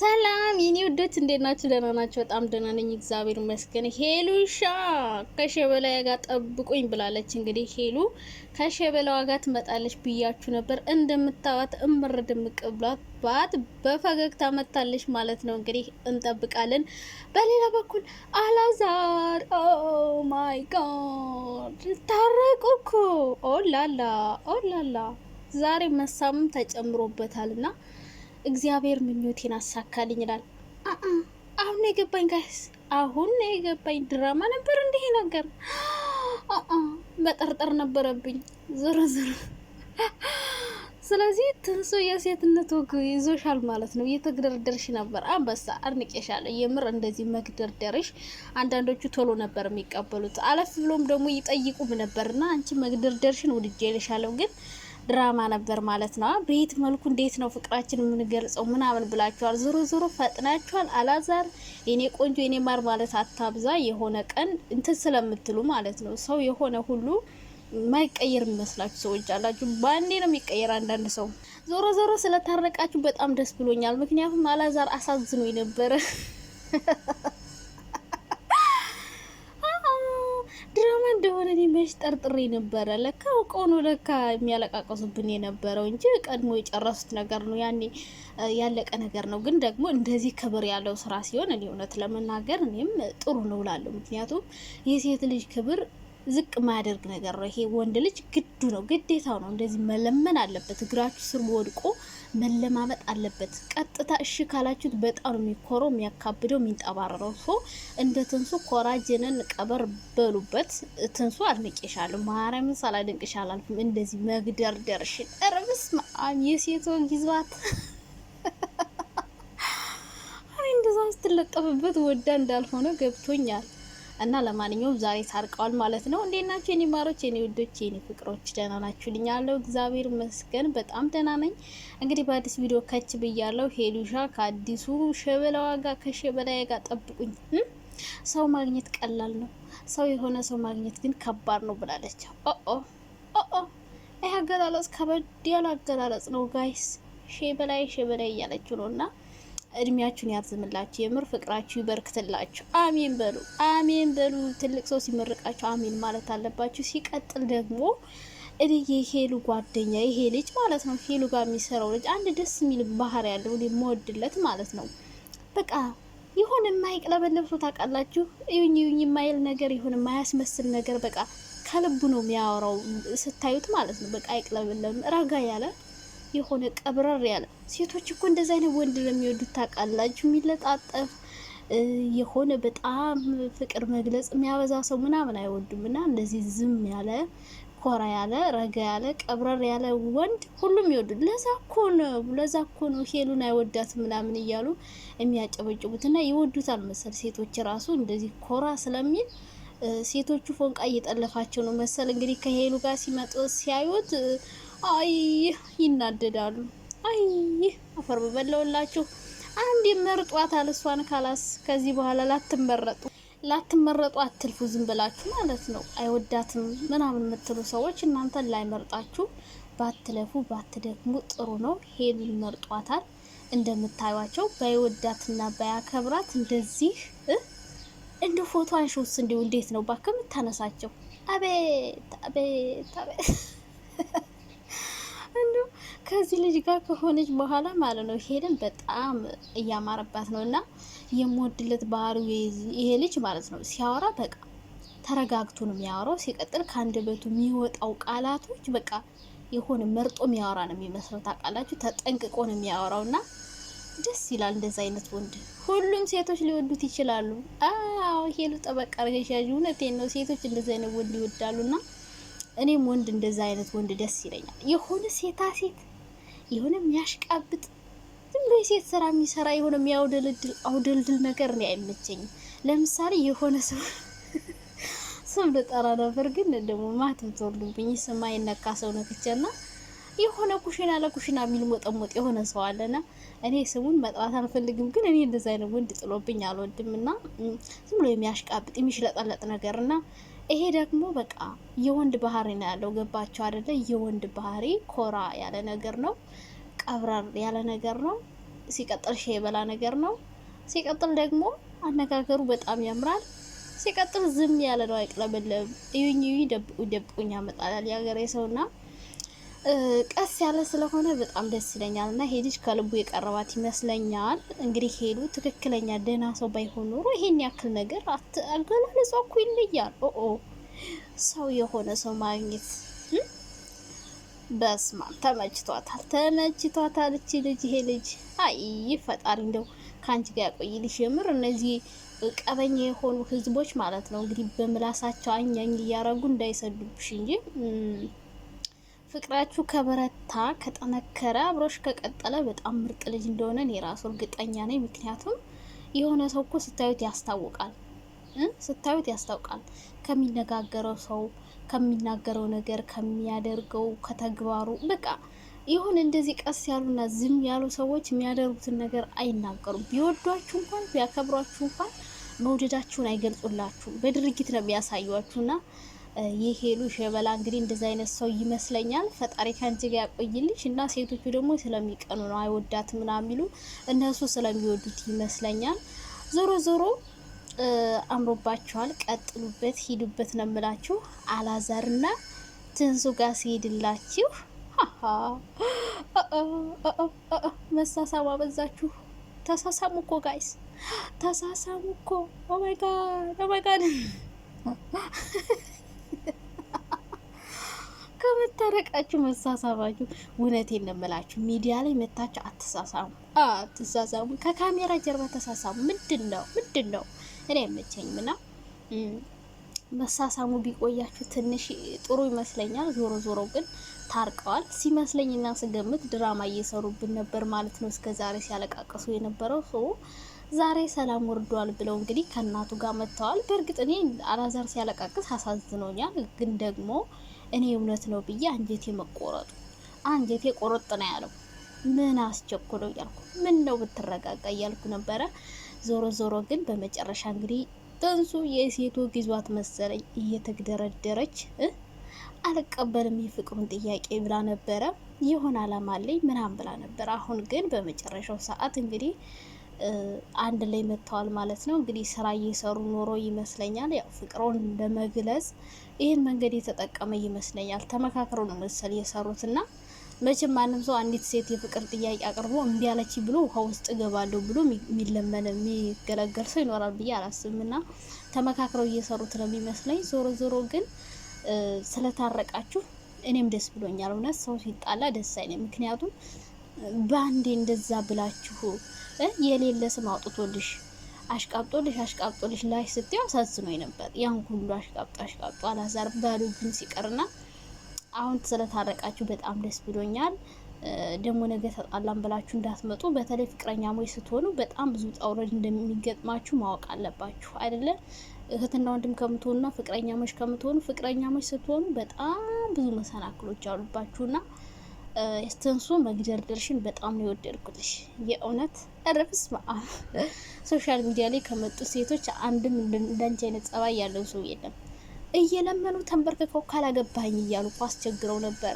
ሰላም የኔ ውዶች እንዴት ናችሁ? ደህና ናችሁ? በጣም ደህና ነኝ፣ እግዚአብሔር ይመስገን። ሄሉሻ ከሸበላዋ ጋር ጠብቁኝ ብላለች። እንግዲህ ሄሉ ከሸበላዋ ጋር ትመጣለች ብያችሁ ነበር። እንደምታዋት እምር ድምቅ ብሏት ባት በፈገግታ መታለች ማለት ነው። እንግዲህ እንጠብቃለን። በሌላ በኩል አላዛር ኦ ማይ ጋድ ታረቁ እኮ ኦላላ ኦላላ ዛሬ መሳምም ተጨምሮበታልና እግዚአብሔር ምኞቴን አሳካልኝ ይላል። አሁን ነው የገባኝ ጋይስ፣ አሁን ነው የገባኝ። ድራማ ነበር እንዲህ ነገር መጠርጠር ነበረብኝ። ዞሮ ዞሮ ስለዚህ ትንሶ የሴትነት ወግ ይዞሻል ማለት ነው። እየተግደርደርሽ ነበር። አንበሳ አድንቄሻለሁ። የምር እንደዚህ መግደርደርሽ አንዳንዶቹ ቶሎ ነበር የሚቀበሉት፣ አለፍ ብሎም ደግሞ ይጠይቁም ነበርና አንቺ መግደርደርሽን ውድጃ እልሻለሁ ግን ድራማ ነበር ማለት ነው። በየት መልኩ እንዴት ነው ፍቅራችን የምንገልጸው ምናምን ብላችኋል። ዞሮ ዞሮ ፈጥናችኋል። አላዛር የኔ ቆንጆ የኔ ማር ማለት አታብዛ። የሆነ ቀን እንትን ስለምትሉ ማለት ነው ሰው የሆነ ሁሉ ማይቀየር የሚመስላችሁ ሰዎች አላችሁ። በአንዴ ነው የሚቀየር አንዳንድ ሰው። ዞሮ ዞሮ ስለታረቃችሁ በጣም ደስ ብሎኛል። ምክንያቱም አላዛር አሳዝኖ ነበረ። እኔ መች ጠርጥሬ ነበረ። ለካ አውቀው ነው ለካ የሚያለቃቀሱብን የነበረው እንጂ ቀድሞ የጨረሱት ነገር ነው። ያኔ ያለቀ ነገር ነው። ግን ደግሞ እንደዚህ ክብር ያለው ስራ ሲሆን እኔ እውነት ለመናገር እኔም ጥሩ ነው ላለሁ። ምክንያቱም የሴት ልጅ ክብር ዝቅ ማያደርግ ነገር ነው። ይሄ ወንድ ልጅ ግዱ ነው፣ ግዴታው ነው። እንደዚህ መለመን አለበት። እግራችሁ ስር ወድቆ መለማመጥ አለበት። ቀጥታ እሺ ካላችሁት በጣም ነው የሚኮረው፣ የሚያካብደው፣ የሚንጠባረረው። ሶ እንደ ትንሱ ኮራጅንን ቀበር በሉበት። ትንሱ አድንቄሻለሁ፣ ማርያምን ሳላደንቅሽ አላልኩም። እንደዚህ መግደርደርሽን እርብስ የሴቶ ጊዛት እንደዛ ስትለጠፍበት ወዳ እንዳልሆነ ገብቶኛል። እና ለማንኛውም ዛሬ ታርቀዋል ማለት ነው። እንዴት ናችሁ የኔ ማሮች፣ የኔ ውዶች፣ የኔ ፍቅሮች? ደህና ናችሁ? ልኛለሁ። እግዚአብሔር መስገን በጣም ደህና ነኝ። እንግዲህ በአዲስ ቪዲዮ ከች ብያለው። ሄሉሻ ከአዲሱ ሸበላዋ ጋር ከሸበላዬ ጋር ጠብቁኝ። ሰው ማግኘት ቀላል ነው፣ ሰው የሆነ ሰው ማግኘት ግን ከባድ ነው ብላለች። ኦ ኦ ይህ አገላለጽ ከበድ ያለ አገላለጽ ነው ጋይስ። ሼ በላይ እያለችው ነው እና እድሜያችሁን ያርዝምላችሁ። የምር ፍቅራችሁ ይበርክትላችሁ። አሜን በሉ፣ አሜን በሉ። ትልቅ ሰው ሲመርቃችሁ አሜን ማለት አለባችሁ። ሲቀጥል ደግሞ እኔ ሄሉ ጓደኛ ይሄ ልጅ ማለት ነው ሄሉ ጋር የሚሰራው ልጅ አንድ ደስ የሚል ባህር ያለው የምወድለት ማለት ነው። በቃ ይሁን የማይቅለበለብ ሰው ታውቃላችሁ፣ እዩኝ እዩኝ የማይል ነገር ይሁን የማያስመስል ነገር በቃ ከልቡ ነው የሚያወራው ስታዩት ማለት ነው። በቃ አይቅለበለብም፣ ረጋ ያለ የሆነ ቀብረር ያለ ሴቶች እኮ እንደዚህ አይነት ወንድ ለሚወዱት ታውቃላችሁ። የሚለጣጠፍ የሆነ በጣም ፍቅር መግለጽ የሚያበዛ ሰው ምናምን አይወዱም። እና እንደዚህ ዝም ያለ ኮራ ያለ ረጋ ያለ ቀብረር ያለ ወንድ ሁሉም ይወዱ። ለዛ እኮ ነው ለዛ እኮ ነው ሄሉን አይወዳት ምናምን እያሉ የሚያጨበጭቡት እና ይወዱታል መሰል ሴቶች ራሱ እንደዚህ ኮራ ስለሚል ሴቶቹ ፎንቃ እየጠለፋቸው ነው መሰል እንግዲህ ከሄሉ ጋር ሲመጡ ሲያዩት አይ ይናደዳሉ። አይ አፈር በበለውላችሁ። አንድ መርጧት አልሷን ካላስ ከዚህ በኋላ ላትመረጡ ላትመረጡ አትልፉ፣ ዝም ብላችሁ ማለት ነው። አይወዳትም ምናምን የምትሉ ሰዎች እናንተን ላይመርጣችሁ ባትለፉ ባትደክሙ ጥሩ ነው። ሄሉን መርጧታል። እንደምታዩቸው ባይወዳትና ባያከብራት እንደዚህ እንደ ፎቶ አንሾስ እንዲሁ እንዴት ነው ባከ የምታነሳቸው? አቤት አቤት አቤት እንደው ከዚህ ልጅ ጋር ከሆነች በኋላ ማለት ነው ሄደን በጣም እያማረባት ነው። እና የምወድለት ባህሪው ይሄ ልጅ ማለት ነው ሲያወራ በቃ ተረጋግቶ ነው የሚያወራው። ሲቀጥል ከአንደበቱ የሚወጣው ቃላቶች በቃ የሆነ መርጦ የሚያወራ ነው የሚመስለው። ታውቃላችሁ፣ ተጠንቅቆ ነው የሚያወራው እና ደስ ይላል። እንደዚ አይነት ወንድ ሁሉም ሴቶች ሊወዱት ይችላሉ። አዎ ሄሉ ጠበቃ ረገሻዥ፣ እውነቴን ነው ሴቶች እንደዚ አይነት ወንድ ይወዳሉና እኔም ወንድ እንደዛ አይነት ወንድ ደስ ይለኛል። የሆነ ሴታ ሴት የሆነ የሚያሽቃብጥ ዝም ብሎ የሴት ስራ የሚሰራ የሆነ የሚያውደልድል አውደልድል ነገር እኔ አይመቸኝም። ለምሳሌ የሆነ ሰው ስም ልጠራ ነበር፣ ግን ደግሞ ማትም ተወርዱብኝ። ስም አይነካ ሰው ነክቼና የሆነ ኩሽና ለኩሽና የሚል ሞጠሞጥ የሆነ ሰው አለና እኔ ስሙን መጥራት አልፈልግም፣ ግን እኔ እንደዛ አይነት ወንድ ጥሎብኝ አልወድም እና ዝም ብሎ የሚያሽቃብጥ የሚሽለጠለጥ ነገር እና ይሄ ደግሞ በቃ የወንድ ባህሪ ነው ያለው። ገባቸው አደለ? የወንድ ባህሪ ኮራ ያለ ነገር ነው። ቀብረር ያለ ነገር ነው። ሲቀጥል ሼ የበላ ነገር ነው። ሲቀጥል ደግሞ አነጋገሩ በጣም ያምራል። ሲቀጥል ዝም ያለ ነው፣ አይቅለበለብም። እዩኝ እዩኝ ደብቁኝ ደብቁኝ ያመጣላል የሀገሬ ሰውና ቀስ ያለ ስለሆነ በጣም ደስ ይለኛል እና ይሄ ልጅ ከልቡ የቀረባት ይመስለኛል። እንግዲህ ሄሉ ትክክለኛ ደህና ሰው ባይሆን ኖሮ ይሄን ያክል ነገር አገላለጿ እኮ ይለያል። ኦኦ ሰው የሆነ ሰው ማግኘት በስማ ተመችቷታል፣ ተመችቷታል እቺ ልጅ። ይሄ ልጅ አይ ፈጣሪ እንደው ከአንቺ ጋር ያቆይልሽ። የምር እነዚህ ቀበኛ የሆኑ ህዝቦች ማለት ነው እንግዲህ በምላሳቸው አኛኝ እያረጉ እንዳይሰዱብሽ እንጂ ፍቅራችሁ ከበረታ ከጠነከረ አብሮሽ ከቀጠለ በጣም ምርጥ ልጅ እንደሆነ እኔ ራሱ እርግጠኛ ነኝ። ምክንያቱም የሆነ ሰው እኮ ስታዩት ያስታውቃል፣ ስታዩት ያስታውቃል። ከሚነጋገረው ሰው፣ ከሚናገረው ነገር፣ ከሚያደርገው፣ ከተግባሩ በቃ ይሁን እንደዚህ ቀስ ያሉና ዝም ያሉ ሰዎች የሚያደርጉትን ነገር አይናገሩም። ቢወዷችሁ እንኳን ቢያከብሯችሁ እንኳን መውደዳችሁን አይገልጹላችሁም። በድርጊት ነው የሚያሳዩአችሁና የሄሉ ሸበላ እንግዲህ እንደዚ አይነት ሰው ይመስለኛል። ፈጣሪ ከአንቺ ጋር ያቆይልሽ እና ሴቶቹ ደግሞ ስለሚቀኑ ነው አይወዳት ምና የሚሉ እነሱ ስለሚወዱት ይመስለኛል። ዞሮ ዞሮ አምሮባቸዋል ቀጥሉበት፣ ሂዱበት ነው የምላችሁ። አላዛርና ትንሱ ጋር ሲሄድላችሁ መሳሳማ በዛችሁ። ተሳሳሙ እኮ ጋይስ፣ ተሳሳሙ እኮ ኦማይጋድ ኦማይጋድ ከመታረቃችሁ መሳሳባችሁ፣ እውነቴን ነው የምላችሁ፣ ሚዲያ ላይ መታችሁ አትሳሳሙ፣ አትሳሳሙ። ከካሜራ ጀርባ ተሳሳሙ። ምንድን ነው ምንድን ነው? እኔ አይመቸኝም እና መሳሳሙ ቢቆያችሁ ትንሽ ጥሩ ይመስለኛል። ዞሮ ዞሮ ግን ታርቀዋል ሲመስለኝና ስገምት ድራማ እየሰሩብን ነበር ማለት ነው። እስከ ዛሬ ሲያለቃቀሱ የነበረው ሰው ዛሬ ሰላም ወርዷል ብለው እንግዲህ ከእናቱ ጋር መጥተዋል። በእርግጥ እኔ አላዛር ሲያለቃቅስ አሳዝኖኛል፣ ግን ደግሞ እኔ እውነት ነው ብዬ አንጀቴ መቆረጡ አንጀቴ ቆረጥ ነው ያለው። ምን አስቸኩለው እያልኩ ምን ነው ብትረጋጋ እያልኩ ነበረ። ዞሮ ዞሮ ግን በመጨረሻ እንግዲህ ጥንሱ የሴቱ ጊዟት መሰለኝ እየተግደረደረች አልቀበልም የፍቅሩን ጥያቄ ብላ ነበረ። የሆነ አላማ አለኝ ምናምን ብላ ነበር። አሁን ግን በመጨረሻው ሰዓት እንግዲህ አንድ ላይ መጥተዋል ማለት ነው። እንግዲህ ስራ እየሰሩ ኖሮ ይመስለኛል። ያው ፍቅሮን ለመግለጽ ይህን መንገድ የተጠቀመ ይመስለኛል። ተመካክሮ ነው መሰል የሰሩት እና መቼም ማንም ሰው አንዲት ሴት የፍቅር ጥያቄ አቅርቦ እምቢ አለች ብሎ ውሃ ውስጥ እገባለሁ ብሎ የሚለመን የሚገለገል ሰው ይኖራል ብዬ አላስብም። እና ተመካክረው እየሰሩት ነው የሚመስለኝ። ዞሮ ዞሮ ግን ስለታረቃችሁ እኔም ደስ ብሎኛል። እውነት ሰው ሲጣላ ደስ አይለኝ። ምክንያቱም በአንዴ እንደዛ ብላችሁ የሌለ ስም አውጥቶልሽ አሽቃብጦልሽ አሽቃብጦልሽ ላይ ስትይው አሳዝኖኝ ነበር። ያን ሁሉ አሽቃብጦ አሽቃብጦ አላዛር ግን ሲቀርና አሁን ስለታረቃችሁ በጣም ደስ ብሎኛል። ደግሞ ነገ ተጣላን ብላችሁ እንዳትመጡ። በተለይ ፍቅረኛ ሞች ስትሆኑ በጣም ብዙ ውጣ እንደሚገጥማችሁ ማወቅ አለባችሁ አይደለ? እህትና ወንድም ከምትሆኑና ፍቅረኛሞች ከምትሆኑ፣ ፍቅረኛሞች ስትሆኑ በጣም ብዙ መሰናክሎች አሉባችሁና ስተንሱን መግደርደርሽን በጣም ነው የወደድኩልሽ። የእውነት እረፍስ መአም ሶሻል ሚዲያ ላይ ከመጡ ሴቶች አንድም እንዳንቺ አይነት ጸባይ ያለው ሰው የለም። እየለመኑ ተንበርክከው ካላገባኝ እያሉ እኮ አስቸግረው ነበረ።